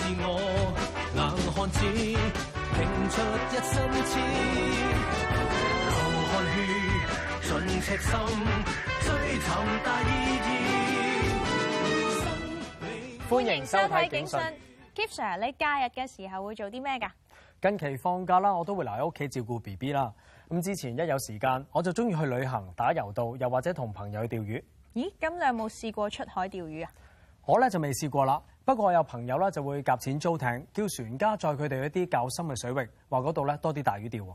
自我冷汗似，拼出一身流汗血，赤心，追尋大意義。歡迎收睇警訊。Keep Sir，你假日嘅時候會做啲咩噶？近期放假啦，我都會留喺屋企照顧 B B 啦。咁之前一有時間，我就中意去旅行、打游渡，又或者同朋友去釣魚。咦，咁你有冇試過出海釣魚啊？我咧就未試過啦。不過有朋友咧就會夾錢租艇，叫船家載佢哋一啲較深嘅水域，話嗰度咧多啲大魚釣。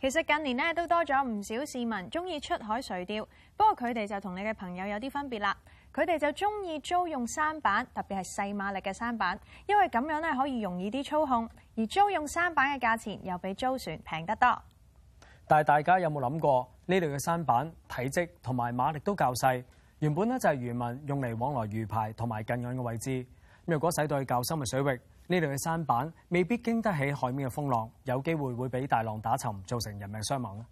其實近年咧都多咗唔少市民中意出海垂釣，不過佢哋就同你嘅朋友有啲分別啦。佢哋就中意租用舢舨，特別係細馬力嘅舢舨，因為咁樣咧可以容易啲操控，而租用舢舨嘅價錢又比租船平得多。但係大家有冇諗過，呢度嘅舢舨體積同埋馬力都較細，原本咧就係漁民用嚟往來魚排同埋近岸嘅位置。如果駛到去較深嘅水域，呢度嘅舢舨未必經得起海面嘅風浪，有機會會畀大浪打沉，造成人命傷亡。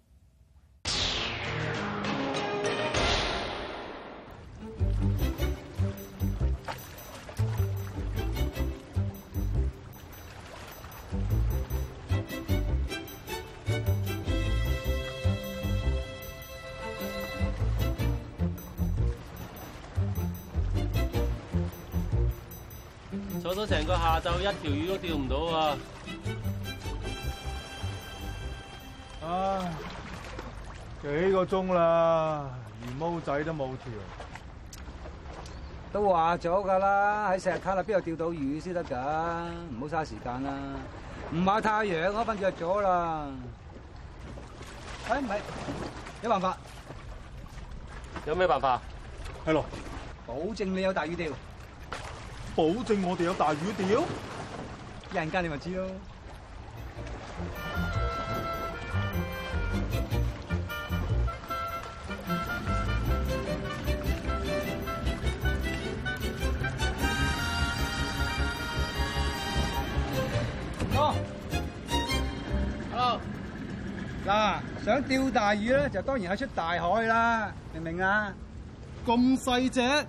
我都成個下晝一條魚都釣唔到啊！啊，幾個鐘啦，連毛仔都冇條，都話咗噶啦，喺石灘啊，邊度釣到魚先得噶？唔好嘥時間啦，唔怕太陽，我瞓着咗啦。哎，唔係，有辦法？有咩辦法？係咯，保證你有大魚釣。保證我哋有大魚釣，有人家你咪知咯、哦啊。Hello 嗱、啊，想釣大魚咧，就當然喺出大海啦，明唔明啊？咁細隻。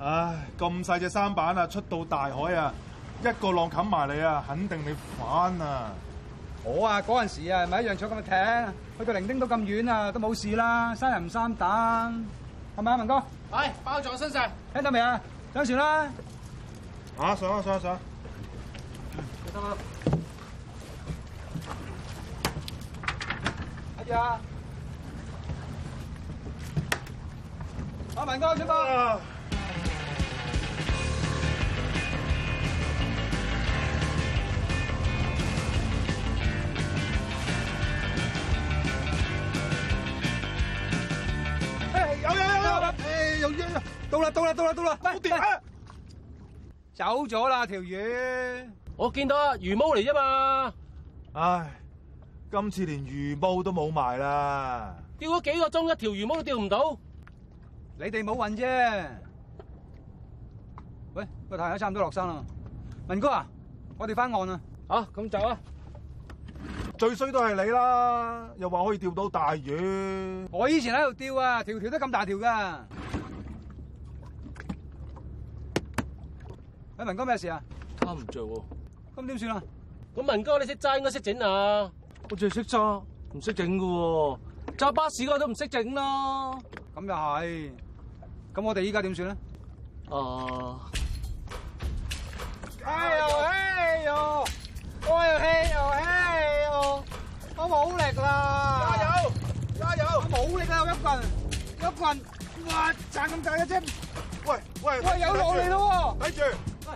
唉，咁細隻舢舨啊，出到大海啊，一個浪冚埋你啊，肯定你反啊！我啊，嗰陣時啊，咪一樣坐咁嘅艇，去到伶仃都咁遠啊，都冇事啦，生人唔生膽，係咪啊，文哥？喂，包喺身上，聽到未啊？上船啦！啊，上啦，上啦，上！聽到啦？阿文哥，出發！到啦！到啦！到啦！到啦！走咗啦，條魚。我見到魚毛嚟啫嘛。唉，今次連魚毛都冇埋啦。釣咗幾個鐘，一條魚毛都釣唔到。你哋冇運啫。喂，個太陽差唔多落山啦，文哥啊，我哋返岸啊。啊，咁走啦。最衰都係你啦，又話可以釣到大魚。我以前喺度釣啊，條條都咁大條噶。喺，文哥，咩事啊？他唔做喎，咁點算啊？咁文哥你識揸，應該識整啊？我只係識揸，唔識整嘅喎，揸巴士我都唔識整咯。咁又係，咁我哋依家點算咧？哦，嘿喲嘿喲，哎喲嘿喲嘿喲，我冇力啦！加油，加油！我冇力啦，一個人，一個人哇賺咁大嘅啫！喂喂，我有落嚟咯，睇住。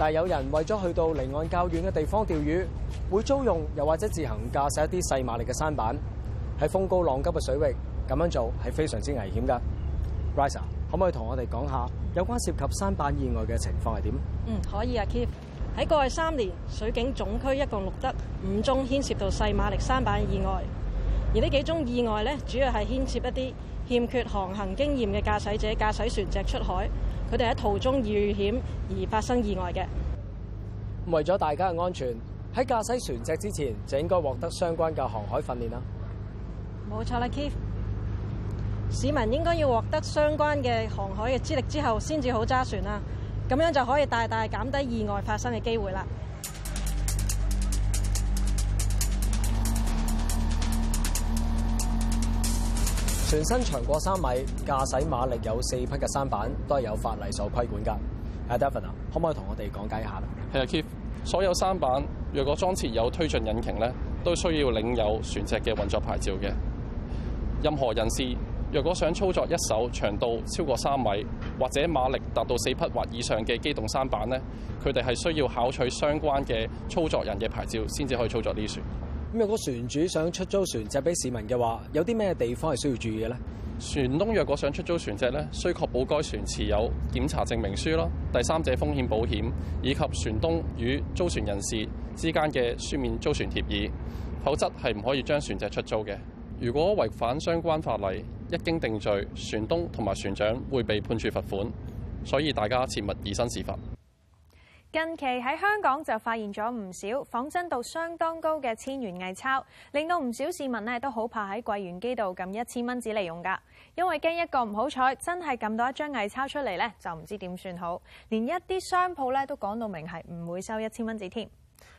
但有人為咗去到離岸較遠嘅地方釣魚，會租用又或者自行駕駛一啲細馬力嘅舢舨，喺風高浪急嘅水域咁樣做係非常之危險噶。Risa，可唔可以同我哋講下有關涉及舢舨意外嘅情況係點？嗯，可以啊，Keith。喺過去三年，水警總區一共錄得五宗牽涉到細馬力舢舨意外，而呢幾宗意外咧，主要係牽涉一啲欠缺航行經驗嘅駕駛者駕駛船隻出海。佢哋喺途中遇險而發生意外嘅。為咗大家嘅安全，喺駕駛船隻之前就應該獲得相關嘅航海訓練啦。冇錯啦，Keith，市民應該要獲得相關嘅航海嘅資歷之後才好船，先至好揸船啦。咁樣就可以大大減低意外發生嘅機會啦。全身長過三米，駕駛馬力有四匹嘅舢舨都係有法例所規管㗎。係 Devin 啊，可唔可以同我哋講解一下？係啊，Keith。所有舢舨若果裝設有推進引擎咧，都需要領有船隻嘅運作牌照嘅。任何人士若果想操作一艘長度超過三米或者馬力達到四匹或以上嘅機動舢舨咧，佢哋係需要考取相關嘅操作人嘅牌照，先至可以操作呢船。咁如果船主想出租船隻俾市民嘅話，有啲咩地方係需要注意嘅咧？船東若果想出租船隻咧，需確保該船持有檢查證明書咯、第三者風險保險以及船東與租船人士之間嘅書面租船協議，否則係唔可以將船隻出租嘅。如果違反相關法例，一經定罪，船東同埋船長會被判處罰款，所以大家切勿以身試法。近期喺香港就發現咗唔少仿真度相當高嘅千元偽鈔，令到唔少市民咧都好怕喺櫃員機度撳一千蚊紙嚟用㗎，因為驚一個唔好彩真係撳到一張偽鈔出嚟呢，就唔知點算好。連一啲商鋪咧都講到明係唔會收一千蚊紙添。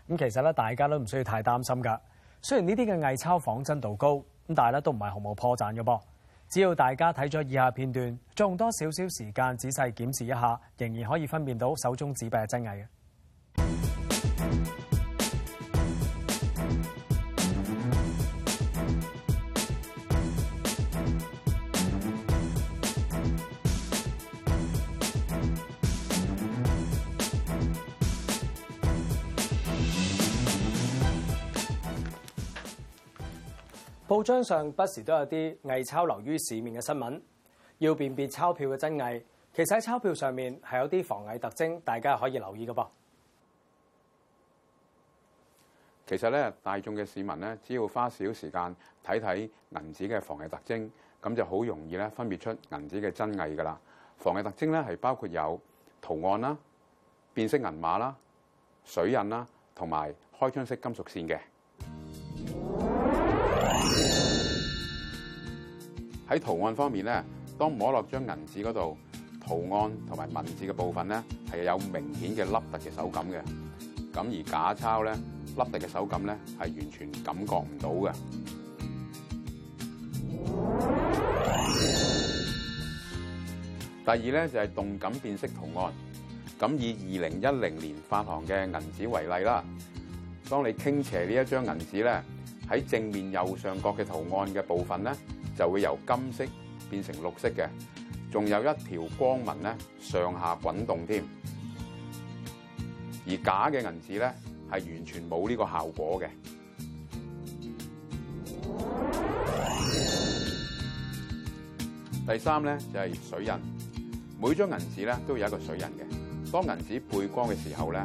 咁其實咧，大家都唔需要太擔心㗎。雖然呢啲嘅偽鈔仿真度高，咁但係咧都唔係毫無破綻嘅噃。只要大家睇咗以下片段，再用多少少時間仔細檢視一下，仍然可以分辨到手中紙幣嘅真偽嘅。報章上不時都有啲偽鈔流於市面嘅新聞，要辨別鈔票嘅真偽，其實喺鈔票上面係有啲防偽特徵，大家可以留意嘅噃。其實咧，大眾嘅市民呢，只要花少時間睇睇銀紙嘅防偽特徵，咁就好容易咧分別出銀紙嘅真偽噶啦。防偽特徵咧係包括有圖案啦、變色銀碼啦、水印啦，同埋開窗式金屬線嘅。喺圖案方面咧，當摸落張銀紙嗰度，圖案同埋文字嘅部分咧係有明顯嘅凹凸嘅手感嘅。咁而假鈔咧凹凸嘅手感咧係完全感覺唔到嘅。第二咧就係動感變色圖案。咁以二零一零年發行嘅銀紙為例啦，當你傾斜呢一張銀紙咧，喺正面右上角嘅圖案嘅部分咧。就會由金色變成綠色嘅，仲有一條光紋咧上下滾動添。而假嘅銀紙咧係完全冇呢個效果嘅。第三咧就係水印，每張銀紙咧都有一個水印嘅。當銀紙背光嘅時候咧，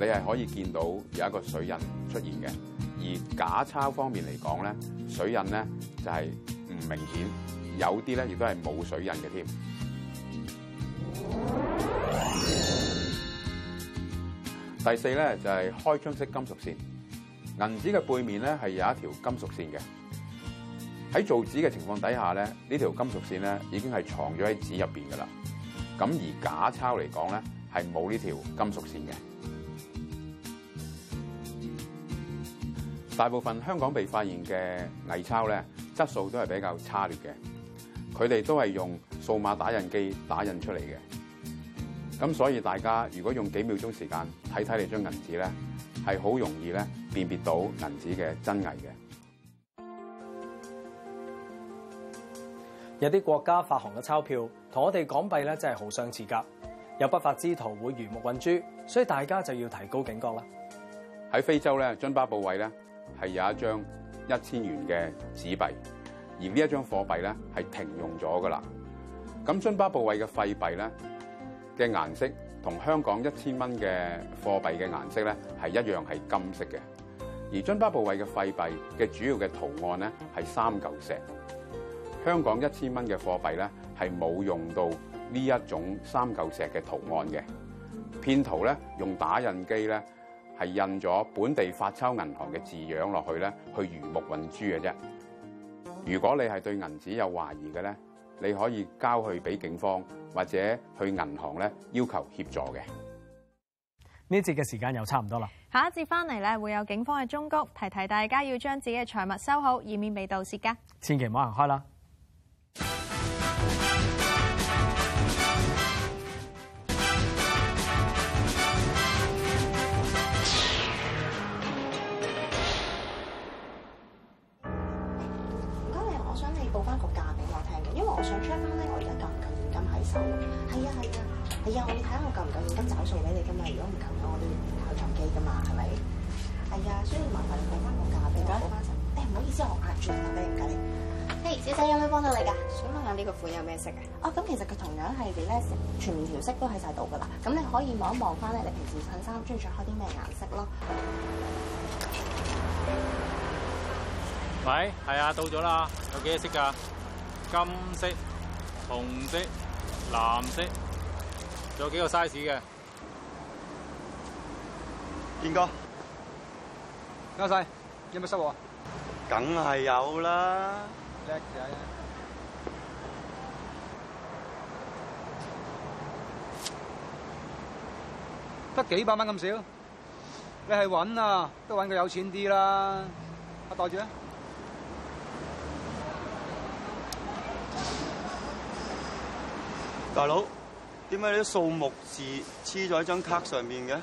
你係可以見到有一個水印出現嘅。而假鈔方面嚟講咧，水印咧就係。唔明顯，有啲咧亦都係冇水印嘅添。第四咧就係開窗式金屬線，銀紙嘅背面咧係有一條金屬線嘅。喺造紙嘅情況底下咧，呢條金屬線咧已經係藏咗喺紙入邊㗎喇。咁而假鈔嚟講咧係冇呢條金屬線嘅。大部分香港被發現嘅偽鈔咧，質素都係比較差劣嘅，佢哋都係用數碼打印機打印出嚟嘅。咁所以大家如果用幾秒鐘時間睇睇你張銀紙咧，係好容易咧辨別到銀紙嘅真偽嘅。有啲國家發行嘅鈔票同我哋港幣咧真係好相似噶，有不法之徒會魚目混珠，所以大家就要提高警覺啦。喺非洲咧，津巴布韋咧係有一張。一千元嘅紙幣，而這張貨幣呢，一張貨幣咧係停用咗㗎喇。咁津巴布韋嘅廢幣咧嘅顏色同香港一千蚊嘅貨幣嘅顏色咧係一樣，係金色嘅，而津巴布韋嘅廢幣嘅主要嘅圖案咧係三嚿石。香港一千蚊嘅貨幣咧係冇用到呢一種三嚿石嘅圖案嘅。騙徒咧用打印機咧。係印咗本地發鈔銀行嘅字樣落去咧，去魚目混珠嘅啫。如果你係對銀紙有懷疑嘅咧，你可以交去俾警方或者去銀行咧要求協助嘅。呢節嘅時間又差唔多啦，下一節翻嚟咧會有警方嘅忠告，提提大家要將自己嘅財物收好，以免被盜竊噶。千祈唔好行開啦！想 check 翻咧，我而家夠唔夠現金喺手？係啊係啊，係啊，啊我要睇下我夠唔夠現金找數俾你噶嘛？如果唔夠嘅，我都要開收據噶嘛？係咪？係啊，需要麻煩你補翻個價俾我補翻就，誒唔、哎、好意思，我壓住同阿 Ben 嘿，hey, 小姐有咩幫到你噶？想問下呢個款有咩色嘅？啊、哦，咁其實佢同樣係咧全條色都喺晒度噶啦。咁你可以望一望翻咧，你平時襯衫中意着開啲咩顏色咯？喂，係啊，到咗啦，有幾多色噶？金色、紅色、藍色，仲有幾個 size 嘅。邊個？阿細，有冇收穫？梗係有啦，叻仔。得幾百蚊咁少，你係揾啊，都揾個有錢啲啦。阿袋住啦。大佬，點解你啲數目字黐咗喺張卡上面嘅？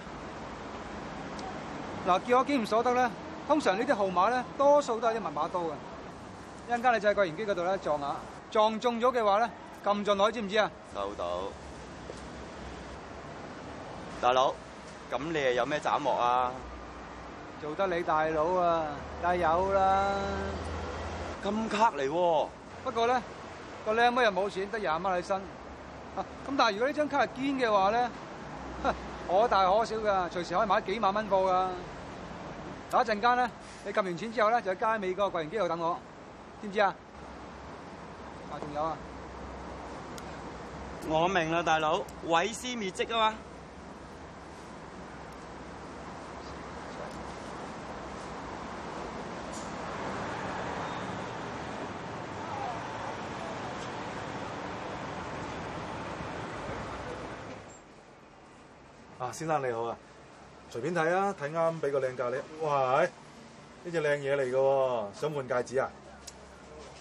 嗱，叫我經驗所得咧，通常呢啲號碼咧，多數都係啲密碼嚟嘅。一陣間你就喺櫃員機嗰度咧撞下，撞中咗嘅話咧，撳進去知唔知啊？收到。大佬，咁你又有咩斬獲啊？做得你大佬啊，梗係有啦。金卡嚟喎，不過咧，個靚妹又冇錢，得廿蚊喺身。咁、啊、但係如果張呢張卡係堅嘅話咧，可大可小噶，隨時可以買幾萬蚊個噶。下一陣間咧，你撳完錢之後咧，就喺街尾個櫃員機度等我，知唔知啊？啊，仲有啊！我明啦，大佬毀屍滅迹啊嘛！啊，先生你好啊！隨便睇啊，睇啱俾個靚價你。哇！呢隻靚嘢嚟嘅喎，想換戒指啊？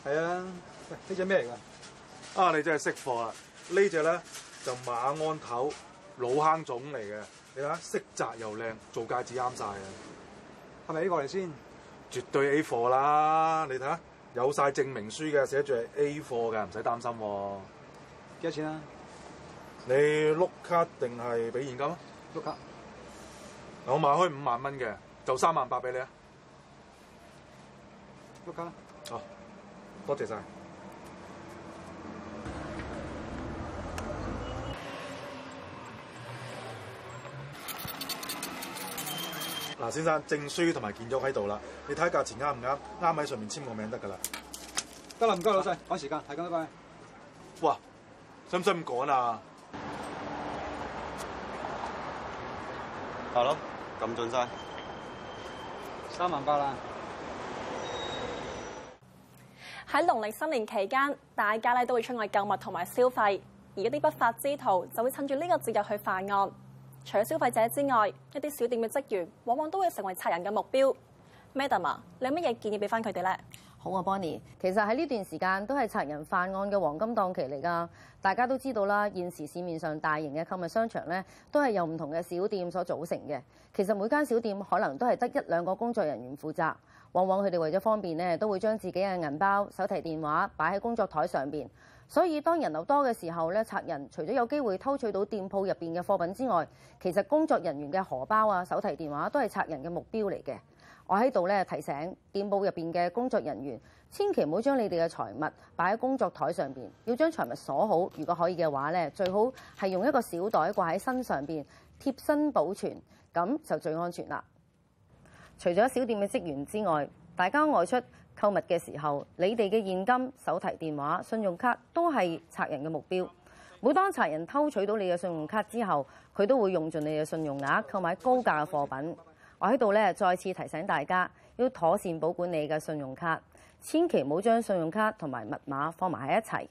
係啊！喂，呢隻咩嚟㗎？啊，你真係識貨啊！這隻呢隻咧就馬鞍頭老坑種嚟嘅，你睇下，色澤又靚，做戒指啱晒啊！係咪 A 貨嚟先？絕對 A 貨啦！你睇下，有晒證明書嘅，寫住係 A 貨嘅，唔使擔心喎，啊。幾多錢啊？你碌卡定係俾現金啊？我買開五萬蚊嘅，就三萬八俾你啊！碌卡，好，多謝晒，嗱，先生，證書同埋建築喺度啦，你睇價錢啱唔啱？啱喺上面簽個名得㗎啦，得啦，唔該老細，趕時間，大家拜拜。哇，使唔使咁趕啊？係咯，撳盡曬，三萬八啦！喺農曆新年期間，大家咧都會出外購物同埋消費，而一啲不法之徒就會趁住呢個節日去犯案。除咗消費者之外，一啲小店嘅職員往往都會成為賊人嘅目標。Madam，你有乜嘢建議俾翻佢哋咧？好啊，Bonnie。其實喺呢段時間都係賊人犯案嘅黃金檔期嚟㗎。大家都知道啦，現時市面上大型嘅購物商場咧，都係由唔同嘅小店所組成嘅。其實每間小店可能都係得一兩個工作人員負責，往往佢哋為咗方便呢，都會將自己嘅銀包、手提電話擺喺工作台上邊。所以當人流多嘅時候咧，賊人除咗有機會偷取到店鋪入面嘅貨品之外，其實工作人員嘅荷包啊、手提電話都係賊人嘅目標嚟嘅。我喺度咧提醒店舖入面嘅工作人員，千祈唔好將你哋嘅財物擺喺工作台上邊，要將財物鎖好。如果可以嘅話咧，最好係用一個小袋掛喺身上邊，貼身保存，咁就最安全啦。除咗小店嘅職員之外，大家外出購物嘅時候，你哋嘅現金、手提電話、信用卡都係賊人嘅目標。每當賊人偷取到你嘅信用卡之後，佢都會用盡你嘅信用額購買高價嘅貨品。我喺度咧，再次提醒大家，要妥善保管你嘅信用卡，千祈唔好將信用卡同埋密碼放埋喺一齊。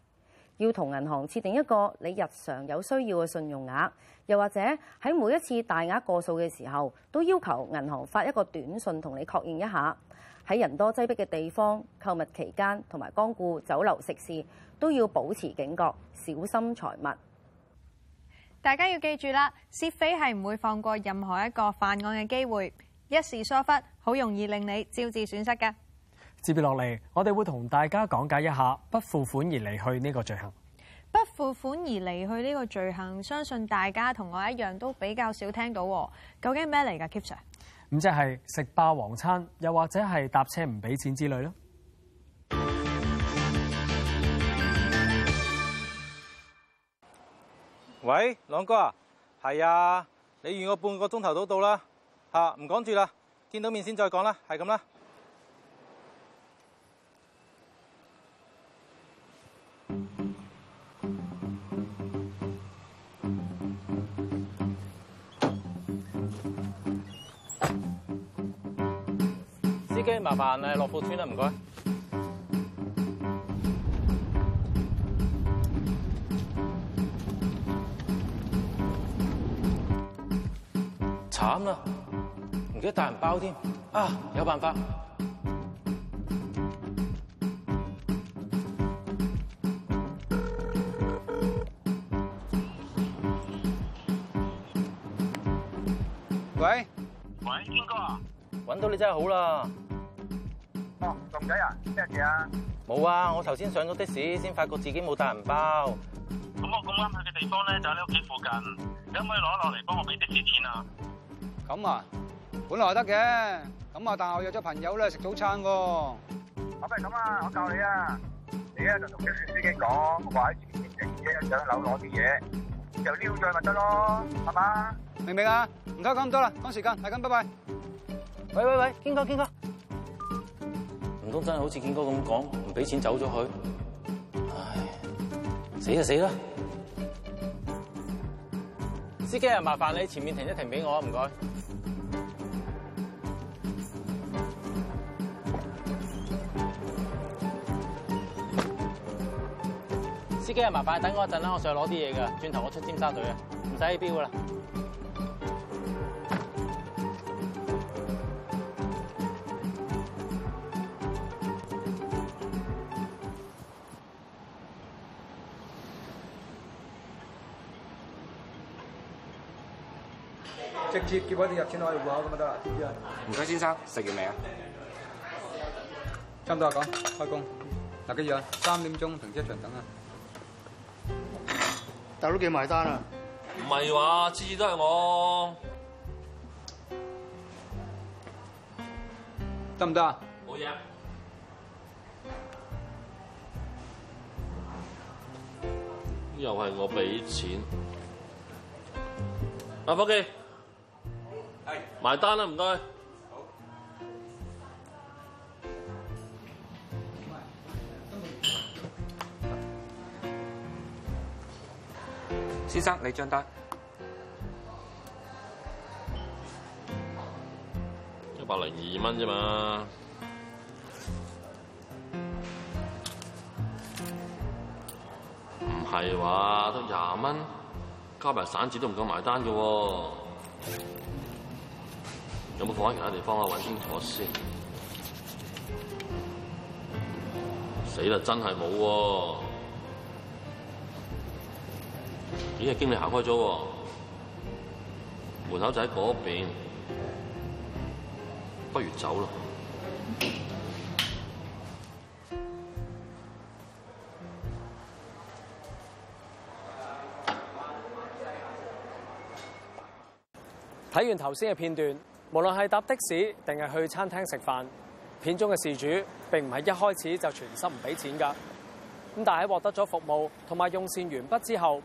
要同銀行設定一個你日常有需要嘅信用額，又或者喺每一次大額過數嘅時候，都要求銀行發一個短信同你確認一下。喺人多擠迫嘅地方購物期間，同埋光顧酒樓食肆，都要保持警覺，小心財物。大家要記住啦，竊匪係唔會放過任何一個犯案嘅機會，一時疏忽好容易令你招致損失㗎。接住落嚟，我哋會同大家講解一下不付款而離去呢個罪行。不付款而離去呢個罪行，相信大家同我一樣都比較少聽到。究竟咩嚟噶 Kip Sir？咁即係食霸王餐，又或者係搭車唔俾錢之類咯。喂，朗哥啊，係啊，你預我半個鐘頭都到啦，吓唔講住啦，見到面先再講啦，係咁啦。司機麻煩你落布村啦，唔該。慘啦，唔記得帶銀包添啊！有辦法。喂，喂，堅哥，搵到你真係好啦。哦，咁仔啊，咩事啊？冇啊，我頭先上咗的士，先發覺自己冇帶銀包。咁我咁啱去嘅地方咧，就喺你屋企附近，你可唔可以攞落嚟幫我俾的士錢啊？咁啊，本來係得嘅，咁啊，但我約咗朋友咧食早餐喎。我咪咁啊，我教你啊，你咧就同車司機講，我話喺前面停啫，上樓攞啲嘢，就撩賬咪得咯，係嘛？明唔明啊？唔該，講咁多啦，趕時間，係咁，拜拜。喂喂喂，堅哥，堅哥，唔通真係好似堅哥咁講，唔俾錢走咗去？唉，死就死啦。司機啊，麻煩你前面停一停俾我，唔該。呢幾日麻煩等我一陣啦，我上去攞啲嘢㗎。轉頭我出尖沙咀啊，唔使飛標㗎喇。直接叫佢哋入錢落入口咁啊得啦，唔該，謝謝先生。食完未啊？差唔多啊，講開工。嗱，幾月啊？三點鐘停車場等啊。大佬記埋單啦，唔係話次次都係我得唔得？冇嘢，又係我俾錢，阿伙記埋單啦，唔該。先生，你張單一百零二蚊啫嘛，唔係話得廿蚊，加埋散紙都唔夠埋單嘅，有冇放喺其他地方啊？揾清楚先，死啦，真係冇喎。咦，經理行開咗，門口就喺嗰邊，不如走咯。睇完頭先嘅片段，無論係搭的士定係去餐廳食飯，片中嘅事主並唔係一開始就全心唔俾錢㗎。咁但係喺獲得咗服務同埋用膳完畢之後。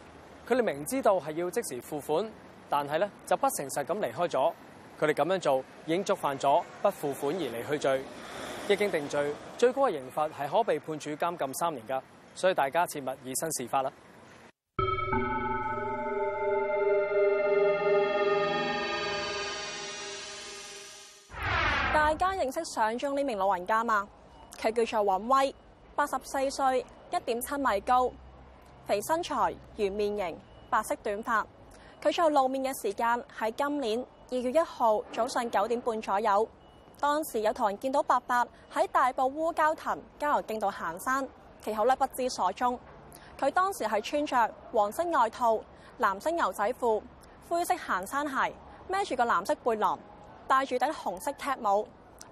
佢哋明知道係要即時付款，但係咧就不誠實咁離開咗。佢哋咁樣做已經觸犯咗不付款而離去罪。一經定罪，最高嘅刑罰係可被判處監禁三年噶。所以大家切勿以身試法啦。大家認識相中呢名老人家嘛？佢叫做尹威，八十四歲，一點七米高。肥身材、圓面型、白色短髮，佢最後露面嘅時間喺今年二月一號早上九點半左右。當時有途人見到伯伯喺大埔烏蛟騰郊遊徑度行山，其後咧不知所蹤。佢當時係穿着黃色外套、藍色牛仔褲、灰色行山鞋，孭住個藍色背囊，戴住頂紅色踢帽，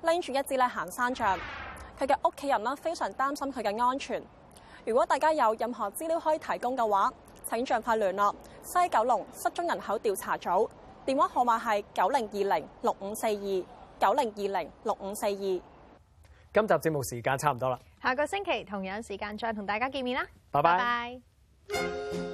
拎住一支咧行山杖。佢嘅屋企人啦，非常擔心佢嘅安全。如果大家有任何資料可以提供嘅話，請儘快聯絡西九龍失蹤人口調查組，電話號碼係九零二零六五四二九零二零六五四二。今集節目時間差唔多啦，下個星期同樣時間再同大家見面啦。拜拜拜。